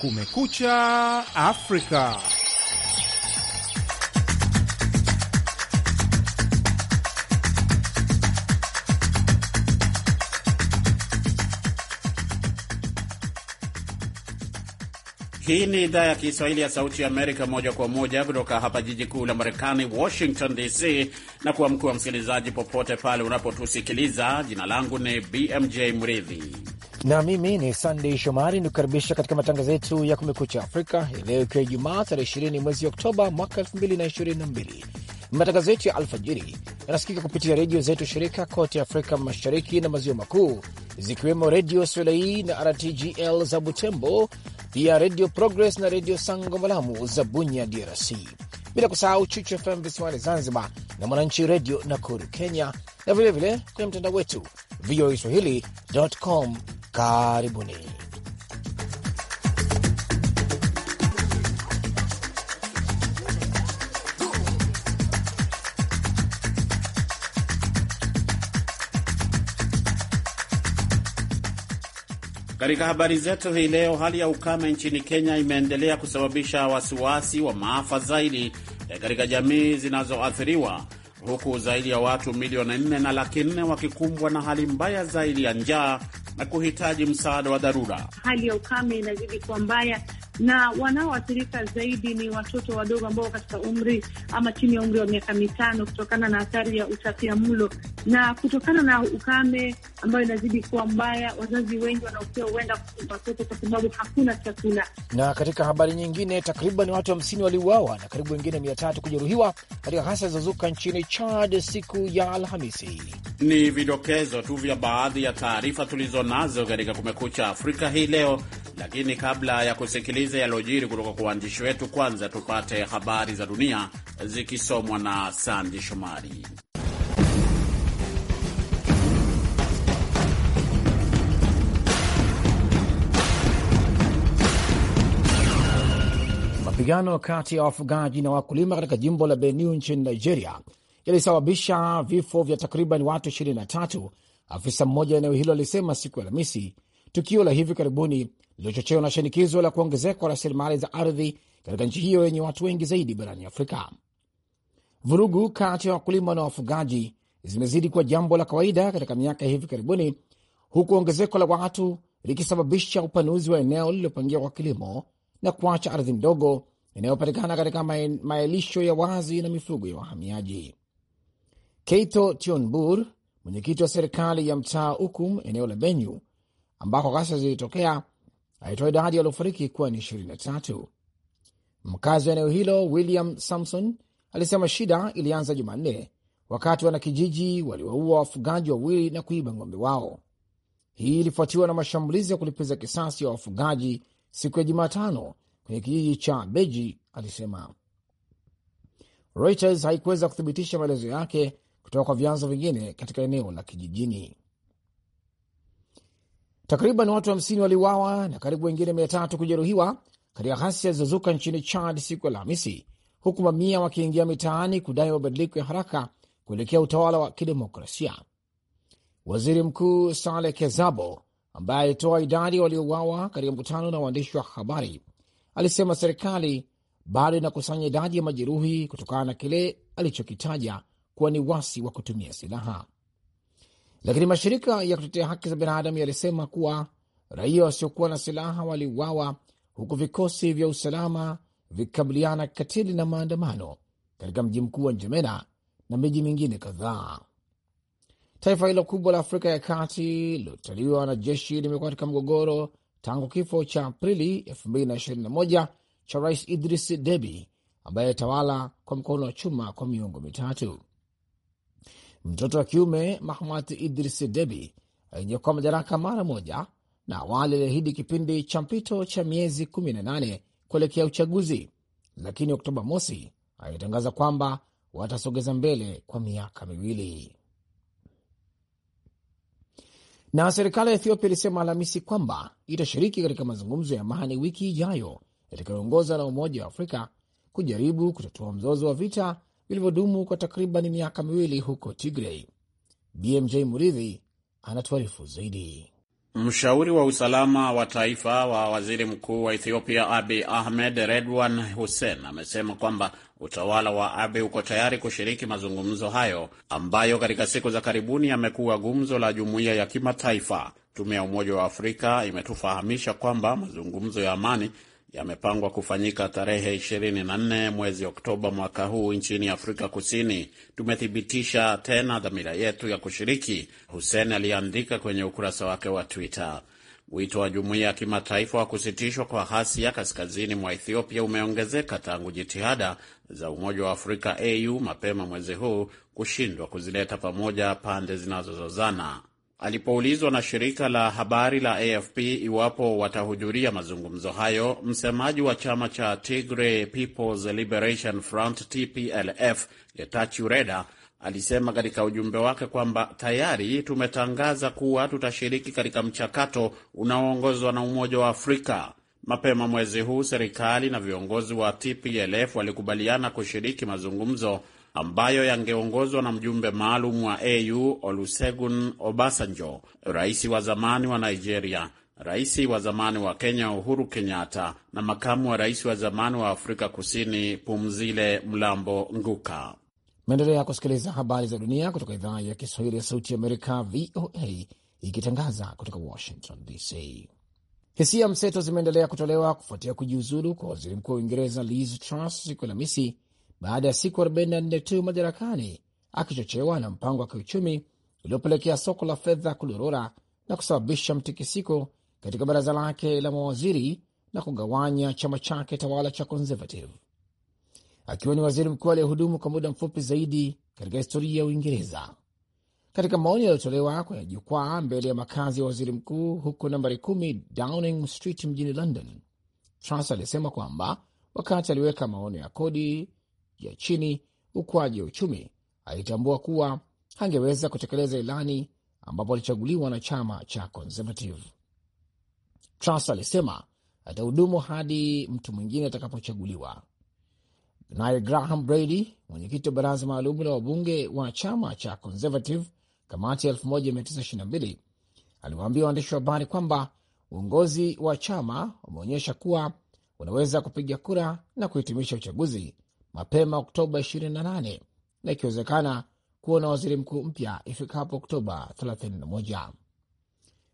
Kumekucha Afrika. Hii ni idhaa ya Kiswahili ya Sauti ya Amerika, moja kwa moja kutoka hapa jiji kuu la Marekani, Washington DC, na kuwa mkuu wa msikilizaji popote pale unapotusikiliza. Jina langu ni BMJ Mridhi na mimi ni Sandey Shomari nikukaribisha katika matangazo yetu ya Kumekucha Afrika hii leo, ikiwa Ijumaa tarehe ishirini mwezi Oktoba mwaka mbili. Matangazo yetu ya alfajiri yanasikika kupitia redio zetu shirika kote Afrika Mashariki na Maziwa Makuu, zikiwemo Redio Solei na RTGL za Butembo, pia Redio Progress na Redio Sango Malamu za Bunya, DRC, bila kusahau Chuchu FM visiwani Zanzibar na Mwananchi Redio Nakuru, Kenya, na vilevile kwenye mtandao wetu voa swahili.com. Karibuni. Katika habari zetu hii leo, hali ya ukame nchini Kenya imeendelea kusababisha wasiwasi wa maafa zaidi eh, katika jamii zinazoathiriwa huku zaidi ya watu milioni nne na laki nne wakikumbwa na hali mbaya zaidi ya njaa na kuhitaji msaada wa dharura. Hali ya ukame inazidi kuwa mbaya, na wanaoathirika zaidi ni watoto wadogo ambao katika umri ama chini ya umri wa miaka mitano, kutokana na athari ya mlo na kutokana na ukame ambayo inazidi kuwa mbaya. Wazazi wengi wanaopia huenda watoto kwa sababu hakuna chakula. Na katika habari nyingine, takriban watu hamsini waliuawa na karibu wengine mia tatu kujeruhiwa katika ghasia zilizozuka nchini Chad siku ya Alhamisi. Ni vidokezo tu vya baadhi ya taarifa tulizo nazo katika Kumekucha Afrika hii leo lakini kabla ya kusikiliza yalojiri kutoka kwa waandishi wetu, kwanza tupate habari za dunia zikisomwa na Sandi Shomari. Mapigano kati ya wafugaji na wakulima katika jimbo la Benue nchini Nigeria yalisababisha vifo vya takriban watu 23, afisa mmoja wa eneo hilo alisema siku ya Alhamisi, tukio la hivi karibuni lililochochewa na shinikizo la kuongezekwa rasilimali za ardhi katika nchi hiyo yenye watu wengi zaidi barani Afrika. Vurugu kati ya wakulima na wafugaji zimezidi kuwa jambo la kawaida katika miaka ya hivi karibuni, huku ongezeko la watu likisababisha upanuzi wa eneo lililopangiwa kwa kilimo na kuacha ardhi ndogo inayopatikana katika maelisho ya wazi na mifugo ya wahamiaji. Keito Tionbur, mwenyekiti wa serikali ya mtaa Ukum, eneo la Benyu, ambako ghasia zilitokea, alitoa idadi ya waliofariki kuwa ni tatu. Mkazi wa eneo hilo William Samson alisema shida ilianza Jumanne wakati wanakijiji waliwaua wafugaji wawili na kuiba ng'ombe wao. Hii ilifuatiwa na mashambulizi ya kulipiza kisasi ya wa wafugaji siku ya Jumatano kwenye kijiji cha Beji, alisema. Reuters haikuweza kuthibitisha maelezo yake kutoka kwa vyanzo vingine katika eneo la kijijini. Takriban watu hamsini waliuawa na karibu wengine mia tatu kujeruhiwa katika ghasia zilizozuka nchini Chad siku ya Alhamisi, huku mamia wakiingia mitaani kudai mabadiliko ya haraka kuelekea utawala wa kidemokrasia. Waziri Mkuu Saleh Kezabo, ambaye alitoa idadi waliouawa katika mkutano na waandishi wa habari, alisema serikali bado inakusanya idadi ya majeruhi kutokana na kile alichokitaja kuwa ni wasi wa kutumia silaha lakini mashirika ya kutetea haki za binadamu yalisema kuwa raia wasiokuwa na silaha waliuawa huku vikosi vya usalama vikikabiliana kikatili na maandamano katika mji mkuu wa Njemena na miji mingine kadhaa. Taifa hilo kubwa la Afrika ya Kati lilotaliwa na jeshi limekuwa katika mgogoro tangu kifo cha Aprili 2021 cha Rais Idris Deby ambaye alitawala kwa mkono wa chuma kwa miongo mitatu. Mtoto wa kiume Mahmat Idris Debi aliyekuwa madaraka mara moja, na awali aliahidi kipindi cha mpito cha miezi 18 kuelekea uchaguzi, lakini Oktoba mosi alitangaza kwamba watasogeza mbele kwa miaka miwili. Na serikali ya Ethiopia ilisema Alhamisi kwamba itashiriki katika mazungumzo ya amani wiki ijayo yatakayoongozwa na Umoja wa Afrika kujaribu kutatua mzozo wa vita vilivyodumu kwa takriban miaka miwili huko Tigrey. BMJ Muridhi anatuarifu zaidi. Mshauri wa usalama wa taifa wa waziri mkuu wa Ethiopia Abi Ahmed, Redwan Hussein, amesema kwamba utawala wa Abi uko tayari kushiriki mazungumzo hayo ambayo katika siku za karibuni yamekuwa gumzo la jumuiya ya kimataifa. Tume ya Umoja wa Afrika imetufahamisha kwamba mazungumzo ya amani yamepangwa kufanyika tarehe 24 mwezi Oktoba mwaka huu nchini Afrika Kusini. Tumethibitisha tena dhamira yetu ya kushiriki, Hussein aliandika kwenye ukurasa wake wa Twitter. Wito wa jumuiya ya kimataifa wa kusitishwa kwa ghasia kaskazini mwa Ethiopia umeongezeka tangu jitihada za Umoja wa Afrika au mapema mwezi huu kushindwa kuzileta pamoja pande zinazozozana. Alipoulizwa na shirika la habari la AFP iwapo watahudhuria mazungumzo hayo, msemaji wa chama cha Tigray People's Liberation Front TPLF, Getachew Reda alisema katika ujumbe wake kwamba tayari tumetangaza kuwa tutashiriki katika mchakato unaoongozwa na Umoja wa Afrika. Mapema mwezi huu serikali na viongozi wa TPLF walikubaliana kushiriki mazungumzo ambayo yangeongozwa na mjumbe maalum wa AU Olusegun Obasanjo, rais wa zamani wa Nigeria, rais wa zamani wa Kenya Uhuru Kenyatta na makamu wa rais wa zamani wa Afrika Kusini Pumzile Mlambo Nguka. Maendelea kusikiliza habari za dunia kutoka idhaa ya Kiswahili ya Sauti ya Amerika, VOA, ikitangaza kutoka Washington DC. Hisia mseto zimeendelea kutolewa kufuatia kujiuzulu kwa waziri mkuu wa Uingereza Liz Truss siku Alhamisi baada ya siku 44 tu madarakani, akichochewa na mpango wa kiuchumi uliopelekea soko la fedha kudorora na kusababisha mtikisiko katika baraza lake la mawaziri na kugawanya chama chake tawala cha Conservative. Akiwa ni waziri mkuu aliyehudumu kwa muda mfupi zaidi katika historia ya Uingereza. Katika maoni yaliyotolewa kwenye jukwaa mbele ya makazi ya waziri mkuu huko nambari 10 Downing Street mjini London, Truss alisema kwamba wakati aliweka maono ya kodi ya chini ukuaji wa uchumi, alitambua kuwa hangeweza kutekeleza ilani ambapo alichaguliwa na chama cha Conservative. Truss alisema atahudumu hadi mtu mwingine atakapochaguliwa. Naye Graham Brady, mwenyekiti wa baraza maalum la wabunge wa chama cha Conservative kamati ya 1922 aliwaambia waandishi wa habari kwamba uongozi wa chama umeonyesha kuwa unaweza kupiga kura na kuhitimisha uchaguzi mapema Oktoba 28 na ikiwezekana kuwa na waziri mkuu mpya ifikapo Oktoba 31.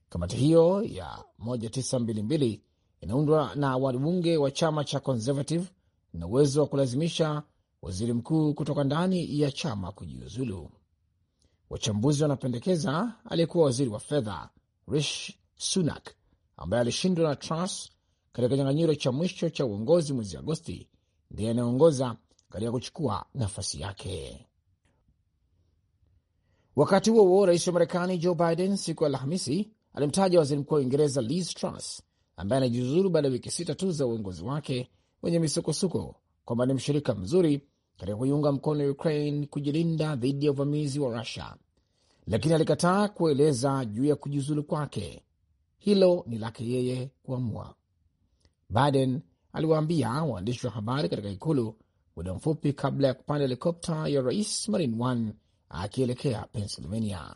Kamati hiyo ya 1922 inaundwa na wabunge wa chama cha Conservative na uwezo wa kulazimisha waziri mkuu kutoka ndani ya chama kujiuzulu. Wachambuzi wanapendekeza aliyekuwa waziri wa fedha Rishi Sunak, ambaye alishindwa na Truss katika kinyang'anyiro cha mwisho cha uongozi mwezi Agosti, ndiye anayeongoza katika kuchukua nafasi yake. Wakati huo huo, rais wa Marekani Joe Biden siku ya Alhamisi alimtaja waziri mkuu wa Uingereza Liz Truss ambaye anajiuzuru baada ya wiki sita tu za uongozi wake wenye misukosuko kwamba ni mshirika mzuri katika kuiunga mkono Ukraine kujilinda dhidi ya uvamizi wa Rusia, lakini alikataa kueleza juu ya kujiuzulu kwake. Hilo ni lake yeye kuamua, Biden aliwaambia waandishi wa habari katika ikulu muda mfupi kabla ya kupanda helikopta ya rais Marine One akielekea Pennsylvania.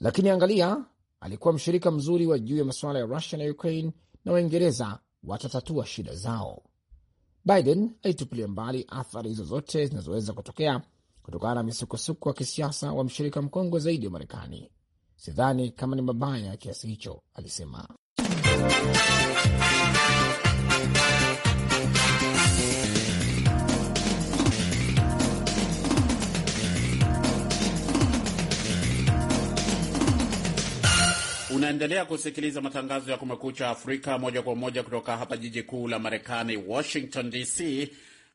Lakini angalia, alikuwa mshirika mzuri wa juu ya masuala ya Russia na Ukraine, na Waingereza watatatua shida zao. Biden alitupilia mbali athari zozote zinazoweza kutokea kutokana na misukosuko ya kisiasa wa mshirika mkongwe zaidi wa Marekani. Sidhani kama ni mabaya ya kiasi hicho, alisema. Unaendelea kusikiliza matangazo ya Kumekucha Afrika moja kwa moja kutoka hapa jiji kuu la Marekani, Washington DC,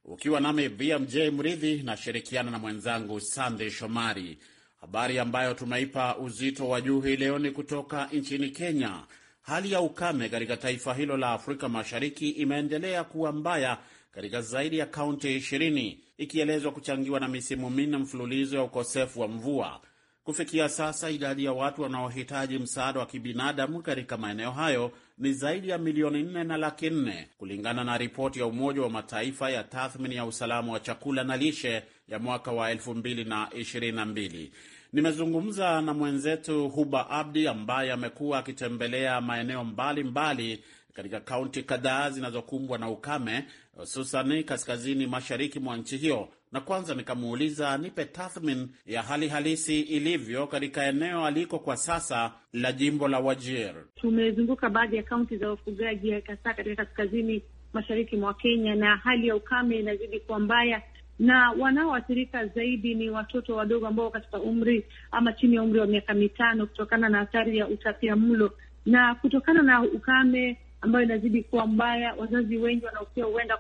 ukiwa nami BMJ Mridhi nashirikiana na mwenzangu Sandey Shomari. Habari ambayo tumeipa uzito wa juu hii leo ni kutoka nchini Kenya. Hali ya ukame katika taifa hilo la Afrika Mashariki imeendelea kuwa mbaya katika zaidi ya kaunti 20 ikielezwa kuchangiwa na misimu minne mfululizo ya ukosefu wa mvua Kufikia sasa idadi ya watu wanaohitaji msaada wa kibinadamu katika maeneo hayo ni zaidi ya milioni nne na laki nne kulingana na ripoti ya Umoja wa Mataifa ya tathmini ya usalama wa chakula na lishe ya mwaka wa elfu mbili na ishirini na mbili. Nimezungumza na mwenzetu Huba Abdi ambaye amekuwa akitembelea maeneo mbalimbali katika kaunti kadhaa zinazokumbwa na ukame hususan kaskazini mashariki mwa nchi hiyo, na kwanza nikamuuliza nipe tathmini ya hali halisi ilivyo katika eneo aliko kwa sasa la jimbo la Wajir. Tumezunguka baadhi ya kaunti za wafugaji hasa katika kaskazini mashariki mwa Kenya, na hali ya ukame inazidi kuwa mbaya na wanaoathirika zaidi ni watoto wadogo ambao katika umri ama chini ya umri wa miaka mitano, kutokana na athari ya utapia mlo na kutokana na ukame ambayo inazidi kuwa mbaya. Wazazi wengi wanaofia huenda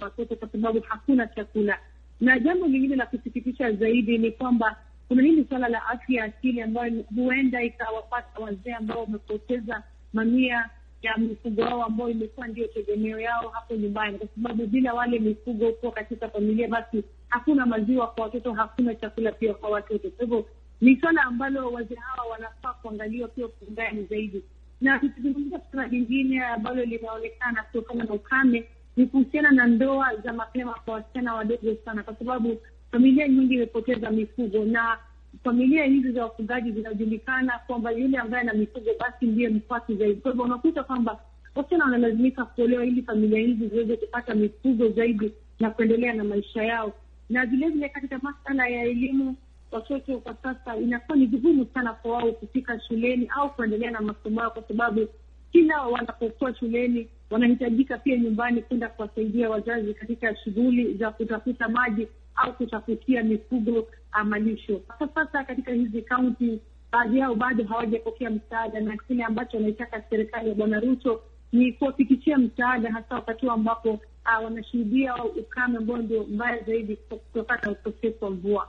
watoto kwa sababu hakuna chakula. Na jambo lingine la kusikitisha zaidi ni kwamba kuna hili suala la afya ya akili ambayo huenda ikawapata wazee ambao wamepoteza mamia ya mifugo wao ambao imekuwa ndio tegemeo yao hapo nyumbani, kwa sababu bila wale mifugo kuwa katika familia, basi hakuna maziwa kwa watoto, hakuna chakula pia kwa watoto. Kwa hivyo ni swala ambalo wazee hawa wanafaa kuangaliwa pia kwa zaidi. Na tukizungumza suala jingine ambalo linaonekana kutokana na ukame ni kuhusiana na ndoa za mapema kwa wasichana wadogo sana, kwa sababu familia nyingi imepoteza mifugo, na familia hizi za wafugaji zinajulikana kwamba yule ambaye ana mifugo basi ndiye mkwasi zaidi. Kwa hivyo unakuta kwamba wasichana wanalazimika kuolewa ili familia hizi ziweze kupata mifugo zaidi na kuendelea na maisha yao. Na vilevile katika masala ya elimu watoto kwa sasa inakuwa ni vigumu sana kwa wao kufika shuleni au kuendelea na masomo yao, kwa sababu kila wanapokuwa shuleni wanahitajika pia nyumbani kwenda kuwasaidia wazazi katika shughuli za kutafuta maji au kutafutia mifugo malisho. Kwa sasa katika hizi kaunti, baadhi yao bado hawajapokea msaada, na kile ambacho wanaitaka serikali ya Bwana Ruto ni kuwafikishia msaada, hasa wakati ambapo ah, wanashuhudia ukame ambao ndio mbaya zaidi kutokana na ukosefu wa mvua.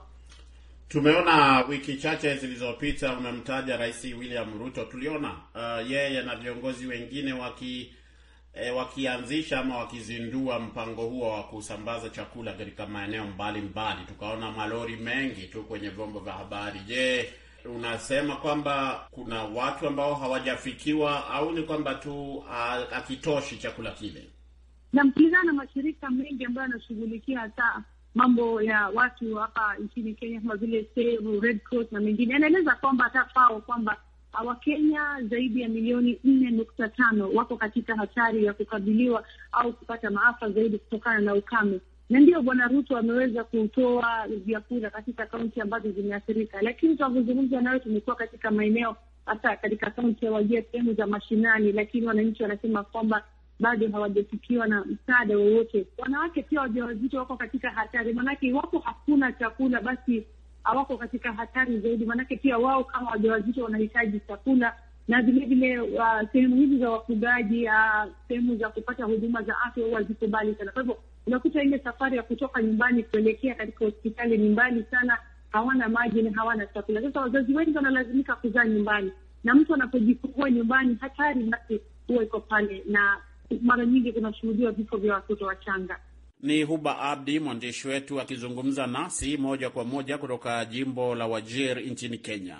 Tumeona wiki chache zilizopita umemtaja Rais William Ruto. Tuliona uh, yeye na viongozi wengine waki e, wakianzisha ama wakizindua mpango huo wa kusambaza chakula katika maeneo mbalimbali. Tukaona malori mengi tu kwenye vyombo vya habari. Je, unasema kwamba kuna watu ambao hawajafikiwa au ni kwamba tu ah, akitoshi chakula kile? Namkizana mashirika mengi ambayo yanashughulikia hata mambo ya watu hapa nchini Kenya kama vile sehemu Red Cross na mengine, anaeleza kwamba hata kwao kwamba Wakenya zaidi ya milioni nne nukta tano wako katika hatari ya kukabiliwa au kupata maafa zaidi kutokana na ukame, na ndio Bwana Ruto ameweza kutoa vyakula katika kaunti ambazo zimeathirika. Lakini tunavyozungumza nayo, tumekuwa katika maeneo hasa katika kaunti ya Wajia, sehemu za mashinani, lakini wananchi wanasema kwamba bado hawajafikiwa na msaada wowote. Wanawake pia wajawazito wako katika hatari, maanake iwapo hakuna chakula, basi hawako katika hatari zaidi, maanake pia wao kama wajawazito wanahitaji chakula na vilevile uh, sehemu hizi za wafugaji uh, sehemu za kupata huduma za afya huwa ziko mbali sana. Kwa hivyo unakuta ile safari ya kutoka nyumbani kuelekea katika hospitali ni mbali sana, hawana maji na hawana chakula. Sasa wazazi wengi wanalazimika kuzaa nyumbani, na mtu anapojifungua nyumbani hatari basi huwa iko pale na mara nyingi kunashuhudiwa vifo vya watoto wachanga. Ni Huba Abdi, mwandishi wetu akizungumza nasi moja kwa moja kutoka jimbo la Wajir nchini Kenya.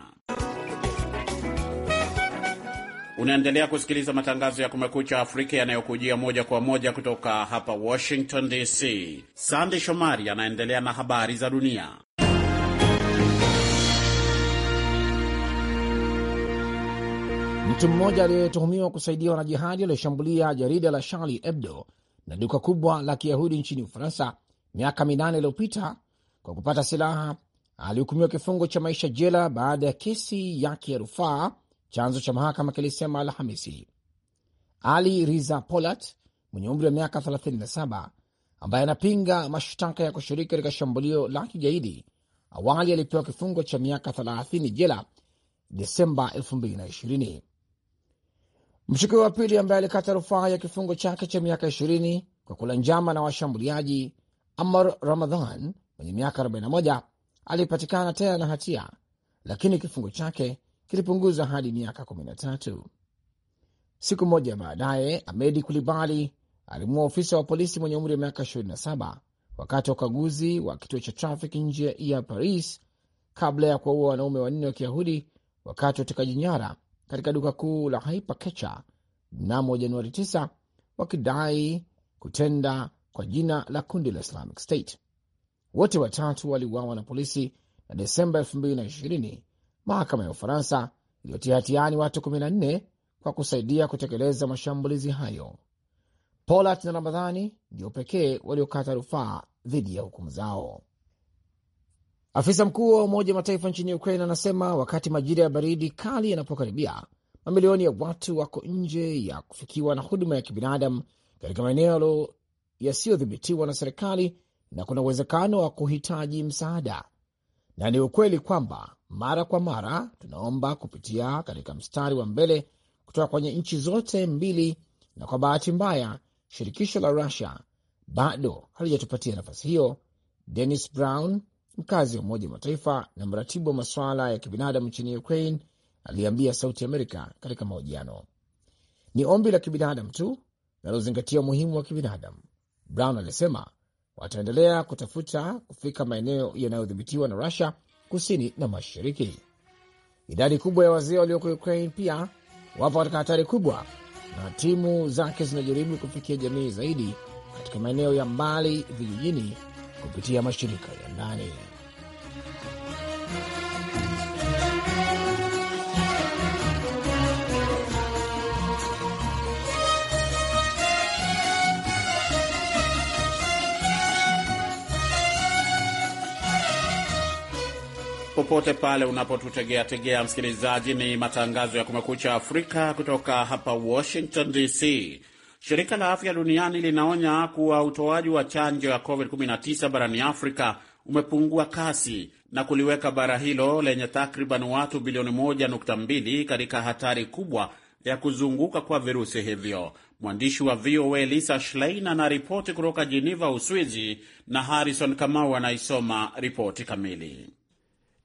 Unaendelea kusikiliza matangazo ya Kumekucha Afrika yanayokujia moja kwa moja kutoka hapa Washington DC. Sandi Shomari anaendelea na habari za dunia. Mtu mmoja aliyetuhumiwa kusaidia wanajihadi aliyoshambulia jarida la Charlie Hebdo na duka kubwa la Kiyahudi nchini Ufaransa miaka minane iliyopita kwa kupata silaha alihukumiwa kifungo cha maisha jela baada ya kesi yake ya rufaa, chanzo cha mahakama kilisema Alhamisi. Ali Riza Polat mwenye umri wa miaka 37 ambaye anapinga mashtaka ya kushiriki katika shambulio la kigaidi awali alipewa kifungo cha miaka 30 jela Desemba 2020. Mshukiwa wa pili ambaye alikata rufaa ya kifungo chake cha miaka ishirini kwa kula njama na washambuliaji, Amar Ramadhan mwenye miaka 41 alipatikana tena na hatia, lakini kifungo chake kilipunguzwa hadi miaka 13. Siku moja baadaye, Amedi Kulibali alimua ofisa wa polisi mwenye umri wa miaka 27 wakati wa ukaguzi wa kituo cha trafic nje ya Paris, kabla ya kuwaua wanaume wanne wa Kiyahudi wakati wa utekaji nyara katika duka kuu la hipakecha mnamo Januari 9 wakidai kutenda kwa jina la kundi la Islamic State. Wote watatu waliuawa na polisi, na Desemba 2020 mahakama ya Ufaransa iliyotia hatiani watu 14 kwa kusaidia kutekeleza mashambulizi hayo. Polat na Ramadhani ndio pekee waliokata rufaa dhidi ya hukumu zao. Afisa mkuu wa Umoja wa Mataifa nchini Ukraine anasema wakati majira ya baridi kali yanapokaribia, mamilioni ya watu wako nje ya kufikiwa na huduma ya kibinadamu katika maeneo yasiyodhibitiwa na serikali na kuna uwezekano wa kuhitaji msaada. Na ni ukweli kwamba mara kwa mara tunaomba kupitia katika mstari wa mbele kutoka kwenye nchi zote mbili, na kwa bahati mbaya shirikisho la Rusia bado halijatupatia nafasi hiyo, Denis Brown mkazi wa Umoja Mataifa na mratibu wa masuala ya kibinadamu nchini Ukraine, aliambia Sauti Amerika katika mahojiano. Ni ombi la kibinadamu tu linalozingatia umuhimu wa kibinadamu, Brown alisema. Wataendelea kutafuta kufika maeneo yanayodhibitiwa na Rusia kusini na mashariki. Idadi kubwa ya wazee walioko Ukraine pia wapo katika hatari kubwa, na timu zake zinajaribu kufikia jamii zaidi katika maeneo ya mbali vijijini kupitia mashirika ya ndani. Popote pale unapotutegea tegea, msikilizaji, ni matangazo ya Kumekucha Afrika kutoka hapa Washington DC. Shirika la Afya Duniani linaonya kuwa utoaji wa chanjo ya COVID-19 barani Afrika umepungua kasi na kuliweka bara hilo lenye takriban watu bilioni 1.2 katika hatari kubwa ya kuzunguka kwa virusi hivyo. Mwandishi wa VOA Lisa Schlein anaripoti kutoka Jeneva, Uswizi, na Harrison Kamau anaisoma ripoti kamili.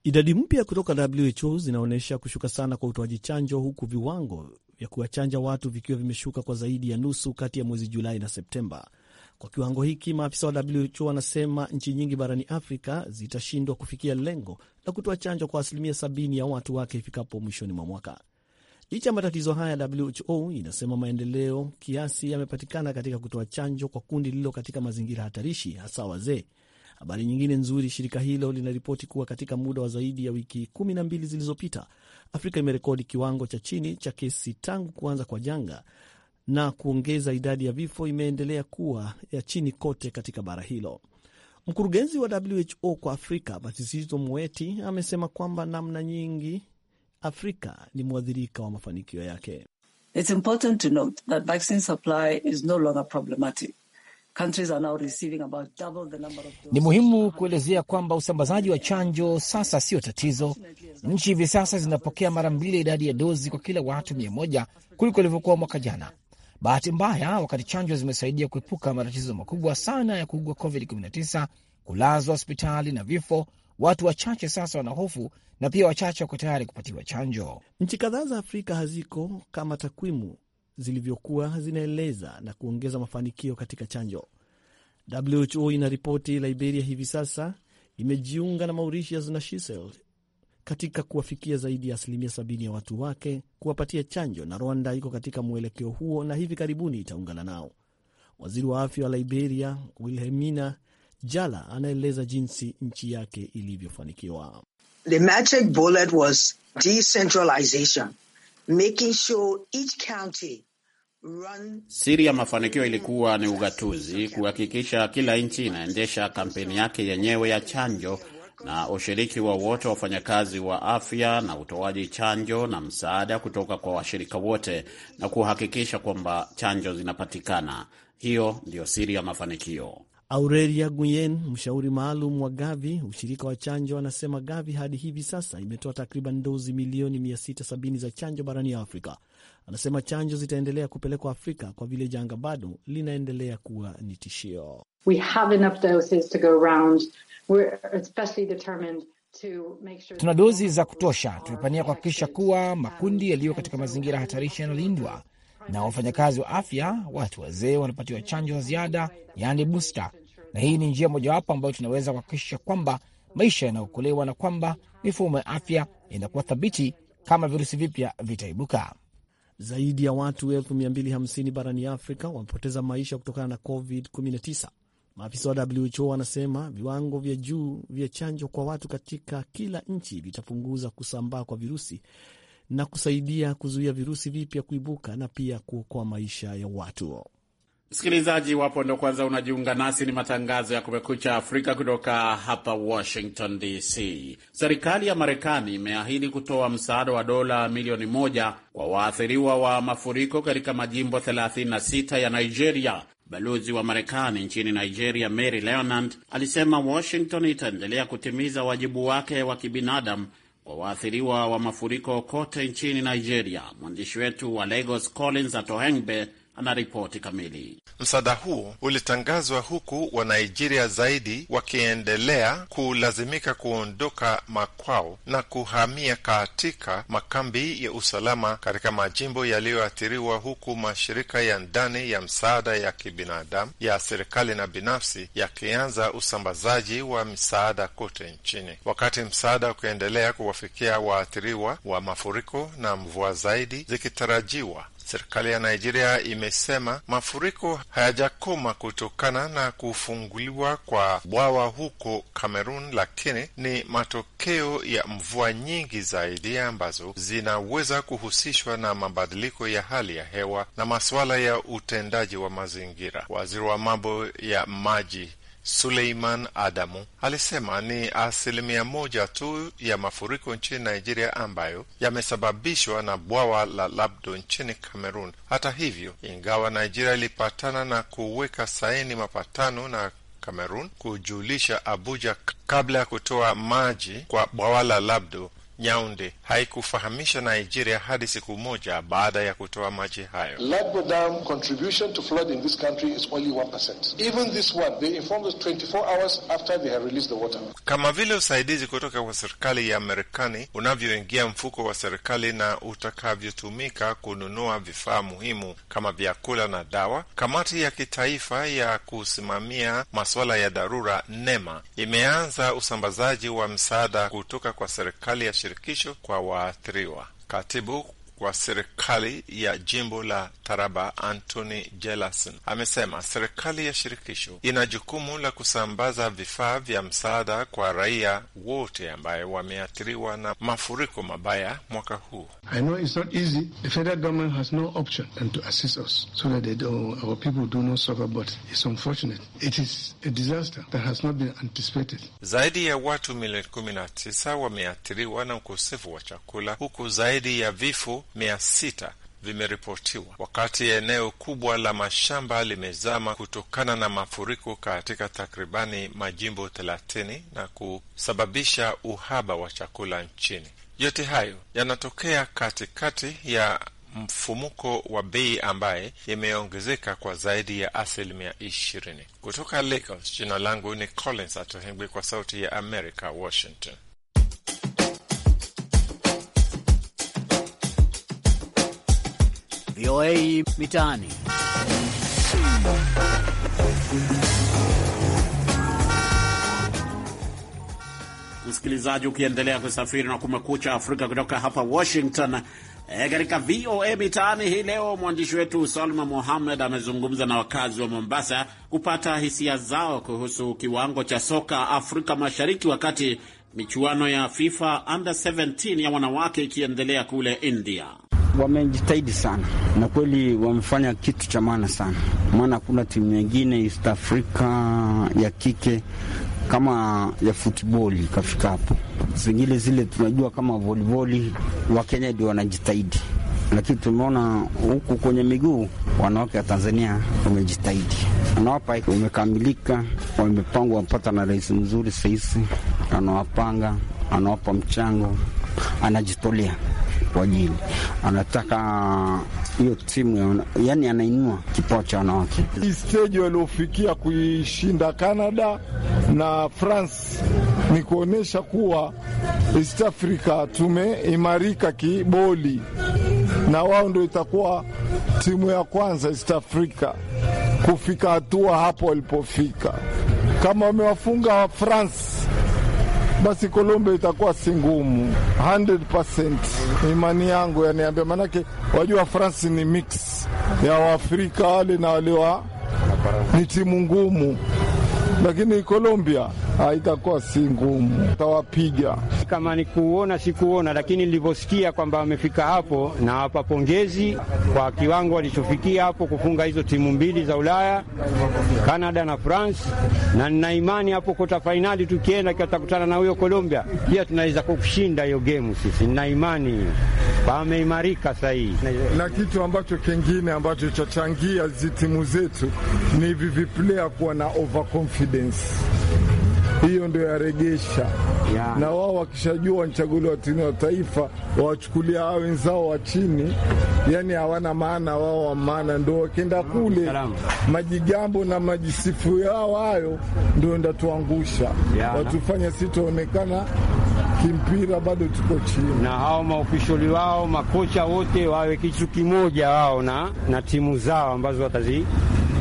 Idadi mpya kutoka WHO zinaonyesha kushuka sana kwa utoaji chanjo, huku viwango vya kuwachanja watu vikiwa vimeshuka kwa zaidi ya nusu kati ya mwezi Julai na Septemba. Kwa kiwango hiki, maafisa wa WHO wanasema nchi nyingi barani Afrika zitashindwa kufikia lengo la kutoa chanjo kwa asilimia sabini ya watu wake ifikapo mwishoni mwa mwaka. Licha ya matatizo haya, WHO inasema maendeleo kiasi yamepatikana katika kutoa chanjo kwa kundi lililo katika mazingira hatarishi, hasa wazee, Habari nyingine nzuri, shirika hilo linaripoti kuwa katika muda wa zaidi ya wiki kumi na mbili zilizopita, Afrika imerekodi kiwango cha chini cha kesi tangu kuanza kwa janga na kuongeza idadi ya vifo imeendelea kuwa ya chini kote katika bara hilo. Mkurugenzi wa WHO kwa Afrika Batshizo Moeti amesema kwamba namna nyingi Afrika ni mwathirika wa mafanikio yake. It's important to note that vaccine supply is no longer problematic. Ni muhimu kuelezea kwamba usambazaji wa chanjo sasa sio tatizo. Nchi hivi sasa zinapokea mara mbili ya idadi ya dozi kwa kila watu mia moja kuliko ilivyokuwa mwaka jana. Bahati mbaya, wakati chanjo zimesaidia kuepuka matatizo makubwa sana ya kuugua COVID-19, kulazwa hospitali na vifo, watu wachache sasa wanahofu na pia wachache wako tayari kupatiwa chanjo. Nchi kadhaa za Afrika haziko kama takwimu zilivyokuwa zinaeleza na kuongeza mafanikio katika chanjo. WHO inaripoti Liberia hivi sasa imejiunga na Mauritius na Seychelles katika kuwafikia zaidi ya asilimia sabini ya watu wake kuwapatia chanjo, na Rwanda iko katika mwelekeo huo na hivi karibuni itaungana nao. Waziri wa afya wa Liberia Wilhelmina Jala anaeleza jinsi nchi yake ilivyofanikiwa. The magic bullet was decentralization, making sure each county Siri ya mafanikio ilikuwa ni ugatuzi, kuhakikisha kila nchi inaendesha kampeni yake yenyewe ya chanjo na ushiriki wa wote wafanyakazi wa afya na utoaji chanjo na msaada kutoka kwa washirika wote na kuhakikisha kwamba chanjo zinapatikana. Hiyo ndiyo siri ya mafanikio. Aurelia Guyen, mshauri maalum wa Gavi, ushirika wa chanjo, anasema Gavi hadi hivi sasa imetoa takriban dozi milioni 670 za chanjo barani Afrika, Anasema chanjo zitaendelea kupelekwa Afrika kwa vile janga bado linaendelea kuwa ni tishio. Sure, tuna dozi za kutosha. Tumepania kuhakikisha kuwa makundi yaliyo katika mazingira hatarishi yanalindwa, na wafanyakazi wa afya, watu wazee wanapatiwa chanjo za ziada, yaani busta, na hii ni njia mojawapo ambayo tunaweza kuhakikisha kwamba maisha yanaokolewa na kwamba mifumo ya afya inakuwa thabiti kama virusi vipya vitaibuka. Zaidi ya watu 250 barani Afrika wamepoteza maisha kutokana na COVID-19. Maafisa wa WHO wanasema viwango vya juu vya chanjo kwa watu katika kila nchi vitapunguza kusambaa kwa virusi na kusaidia kuzuia virusi vipya kuibuka na pia kuokoa maisha ya watu. Msikilizaji wapo ndo kwanza unajiunga nasi, ni matangazo ya Kumekucha Afrika kutoka hapa Washington DC. Serikali ya Marekani imeahidi kutoa msaada wa dola milioni moja kwa waathiriwa wa mafuriko katika majimbo 36 ya Nigeria. Balozi wa Marekani nchini Nigeria, Mary Leonard, alisema Washington itaendelea kutimiza wajibu wake wa kibinadamu kwa waathiriwa wa mafuriko kote nchini Nigeria. Mwandishi wetu wa Lagos, Collins Atohengbe, ana ripoti kamili. Msaada huo ulitangazwa huku wa Nigeria zaidi wakiendelea kulazimika kuondoka makwao na kuhamia katika makambi ya usalama katika majimbo yaliyoathiriwa, huku mashirika ya ndani ya msaada ya kibinadamu ya serikali na binafsi yakianza usambazaji wa msaada kote nchini, wakati msaada ukiendelea kuwafikia waathiriwa wa mafuriko na mvua zaidi zikitarajiwa Serikali ya Nigeria imesema mafuriko hayajakoma kutokana na kufunguliwa kwa bwawa huko Cameroon, lakini ni matokeo ya mvua nyingi zaidi ambazo zinaweza kuhusishwa na mabadiliko ya hali ya hewa na masuala ya utendaji wa mazingira. Waziri wa mambo ya maji Suleiman Adamu alisema ni asilimia moja tu ya mafuriko nchini Nigeria ambayo yamesababishwa na bwawa la Labdo nchini Cameroon. Hata hivyo, ingawa Nigeria ilipatana na kuweka saini mapatano na Cameroon kujulisha Abuja kabla ya kutoa maji kwa bwawa la Labdo, Yaounde haikufahamisha Nigeria hadi siku moja baada ya kutoa maji hayo. Kama vile usaidizi kutoka kwa serikali ya Marekani unavyoingia mfuko wa serikali na utakavyotumika kununua vifaa muhimu kama vyakula na dawa, kamati ya kitaifa ya kusimamia masuala ya dharura NEMA imeanza usambazaji wa msaada kutoka kwa serikali ya shirika shirikisho kwa waathiriwa. Katibu wa serikali ya jimbo la Taraba Anthony Jelason amesema serikali ya shirikisho ina jukumu la kusambaza vifaa vya msaada kwa raia wote ambayo wameathiriwa na mafuriko mabaya mwaka huu. Zaidi ya watu milioni kumi na tisa wameathiriwa na ukosefu wa chakula huku zaidi ya vifo mia sita vimeripotiwa wakati eneo kubwa la mashamba limezama kutokana na mafuriko katika takribani majimbo 30 na kusababisha uhaba wa chakula nchini. Yote hayo yanatokea katikati ya mfumuko wa bei ambaye imeongezeka kwa zaidi ya asilimia 20. Kutoka Lagos, jina langu ni Collins Atohengwi, kwa Sauti ya America, Washington. VOA Mitaani. Msikilizaji, ukiendelea kusafiri na Kumekucha Afrika kutoka hapa Washington. E, katika VOA Mitaani hii leo mwandishi wetu Salma Mohamed amezungumza na wakazi wa Mombasa kupata hisia zao kuhusu kiwango cha soka Afrika Mashariki wakati michuano ya FIFA Under 17 ya wanawake ikiendelea kule India wamejitahidi sana na kweli wamefanya kitu cha maana sana, maana hakuna timu nyingine East Africa ya kike kama ya futboli ikafika hapo. Zingine zile tunajua kama voliboli, Wakenya ndio wanajitahidi, lakini tumeona huku kwenye miguu wanawake wa Tanzania wamejitahidi, anawapa umekamilika, wamepangwa, wamepata na rais mzuri saisi, anawapanga, anawapa mchango, anajitolea Wajini anataka hiyo timu, yani anainua kipao cha wanawake. Hii steji waliofikia kuishinda Canada na France ni kuonyesha kuwa East Africa tumeimarika kiboli, na wao ndio itakuwa timu ya kwanza East Africa kufika hatua hapo walipofika, kama wamewafunga France basi Colombia itakuwa si ngumu 100%. Imani yangu yaniambia, maanake wajua France ni mix ya Waafrika wale na wale wa ni timu ngumu, lakini Colombia haitakuwa si ngumu, tawapiga kama ni kuona si kuona, lakini nilivyosikia kwamba wamefika hapo, na wapa pongezi kwa kiwango walichofikia hapo kufunga hizo timu mbili za Ulaya, Canada na France, na nina imani hapo kota fainali tukienda katakutana na huyo Colombia pia tunaweza kushinda hiyo gemu. Sisi nina imani wameimarika sahihi, na kitu ambacho kingine ambacho chachangia hizi timu zetu ni hivi viplea kuwa na overconfidence hiyo ndio yaregesha yeah. Na wao wakishajua wa tini wa taifa wawachukulia hawa wenzao wa chini, yani hawana maana wao wa maana, ndo wakienda kule majigambo na majisifu yao hayo ndio ndatuangusha, yeah. Watufanya tuonekana kimpira bado tuko chini, na hao maofishali wao makocha wote wawe kitu kimoja wao na, na timu zao ambazo watazi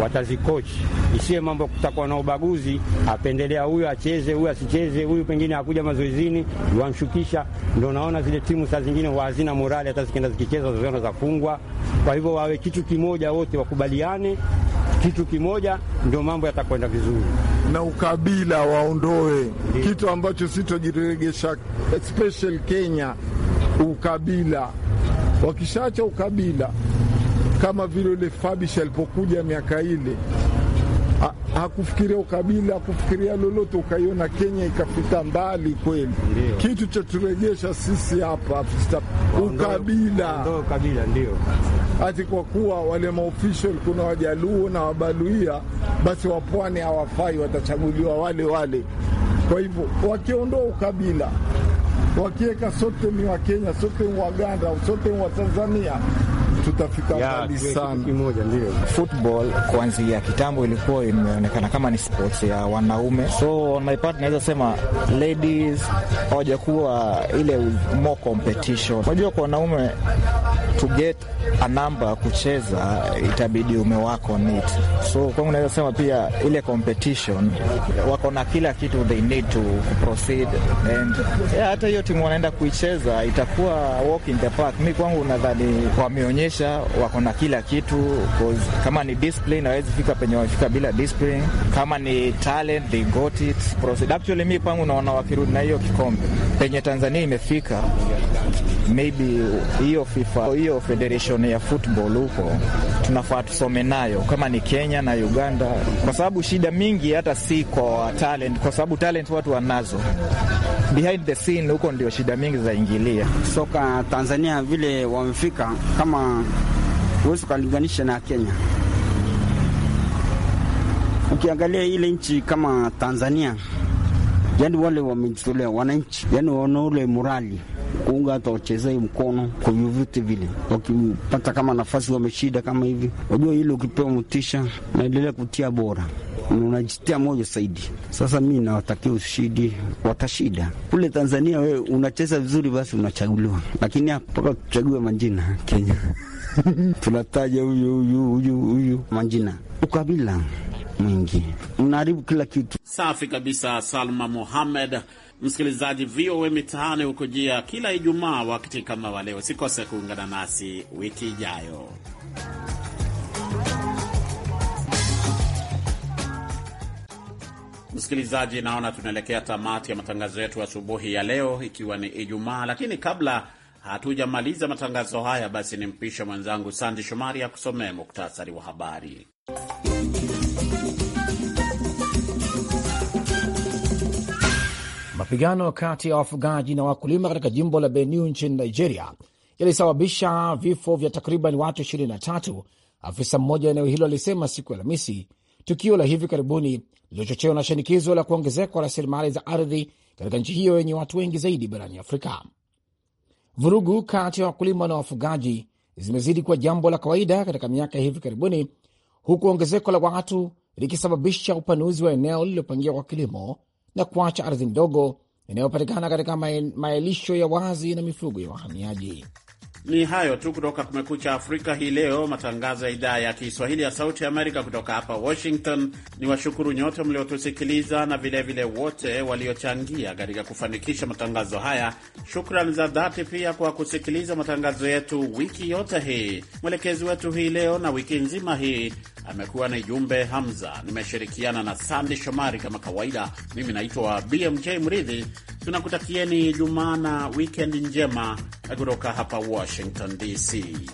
watazikochi, isiwe mambo kutakuwa na ubaguzi, apendelea huyu acheze, huyu asicheze, huyu pengine akuja mazoezini wamshukisha. ndo naona zile timu saa zingine huwa hazina morali, hata zikienda zikicheza zaziona za Kwa hivyo wawe kitu kimoja, wote wakubaliane kitu kimoja, ndio mambo yatakwenda vizuri na ukabila waondoe, kitu ambacho sitojiregesha, special Kenya, ukabila. Wakishaacha ukabila kama vile ule Fabish alipokuja miaka ile ha, hakufikiria ukabila, hakufikiria lolote. Ukaiona Kenya ikapita mbali kweli. Kitu cha turejesha sisi hapa ukabila, ndio ati kwa kuwa wale maofficial kuna wajaluo na wabaluia, basi wapwani hawafai, watachaguliwa wale wale. Kwa hivyo wakiondoa ukabila wakiweka sote ni kenya sote ni Waganda, sote ni tanzania tutafika mbali sana. Kimoja ndio football, kuanzia kitambo ilikuwa imeonekana kama ni sports ya wanaume, so on my part naweza sema ladies hawajakuwa ile more competition. Unajua kwa wanaume to get a number kucheza itabidi umewako on it. So kwangu naweza sema pia ile competition wako na kila kitu they need to proceed and yeah, hata hiyo timu wanaenda kuicheza itakuwa walk in the park. Mi kwangu nadhani wameonyesha wako na kila kitu, cause kama ni discipline hawezi fika penye wafika bila discipline, kama ni talent they got it proceed. Actually mi kwangu naona wakirudi na hiyo kikombe penye Tanzania imefika maybe hiyo FIFA hiyo federation ya football huko tunafaa tusome nayo, kama ni Kenya na Uganda, kwa sababu shida mingi hata si kwa talent, kwa sababu talent watu wanazo behind the scene huko ndio shida mingi zaingilia soka Tanzania vile wamefika, kama huwezi ukalinganisha na Kenya. Ukiangalia ile nchi kama Tanzania yani wale wamejitolea wananchi, yani wana ule morali kuunga hata wachezai mkono kwa vyovyote vile, wakipata kama nafasi wameshida kama hivi, wajua ile ukipewa mtisha naendelea kutia bora unajitia moja zaidi. Sasa mi nawatakia ushidi, watashida kule Tanzania. Wewe unacheza vizuri, basi unachaguliwa, lakini hapa mpaka tuchague majina Kenya tunataja huyu huyu huyu huyu majina, ukabila mwingi mnaharibu kila kitu. Safi kabisa, Salma muhamed Msikilizaji, VOA Mitaani hukujia kila Ijumaa wakati kama wa leo. Usikose kuungana nasi wiki ijayo. Msikilizaji, naona tunaelekea tamati ya matangazo yetu asubuhi ya leo, ikiwa ni Ijumaa. Lakini kabla hatujamaliza matangazo haya, basi ni mpisha mwenzangu Sandi Shomari akusomee muktasari wa habari. Mapigano kati ya wafugaji na wakulima katika jimbo la Benue nchini Nigeria yalisababisha vifo vya takriban watu 23, afisa mmoja wa eneo hilo alisema siku ya Alhamisi, tukio la hivi karibuni lililochochewa na shinikizo la kuongezeka kwa rasilimali za ardhi katika nchi hiyo yenye watu wengi zaidi barani Afrika. Vurugu kati ya wakulima na wafugaji zimezidi kuwa jambo la kawaida katika miaka ya hivi karibuni, huku ongezeko la watu likisababisha upanuzi wa eneo lililopangiwa kwa kilimo na kuacha ardhi ndogo inayopatikana katika maelisho ya wazi na mifugo ya wahamiaji. Ni hayo tu kutoka Kumekucha Afrika hii leo, matangazo ya idhaa ya Kiswahili ya Sauti Amerika kutoka hapa Washington. Ni washukuru nyote mliotusikiliza na vilevile vile wote waliochangia katika kufanikisha matangazo haya. shukran za dhati pia kwa kusikiliza matangazo yetu wiki yote hii. Mwelekezi wetu hii leo na wiki nzima hii amekuwa ni Jumbe Hamza, nimeshirikiana na Sandi Shomari kama kawaida. Mimi naitwa BMJ Mridhi, tunakutakieni Jumaa na wikendi njema kutoka hapa Washington. Washington DC.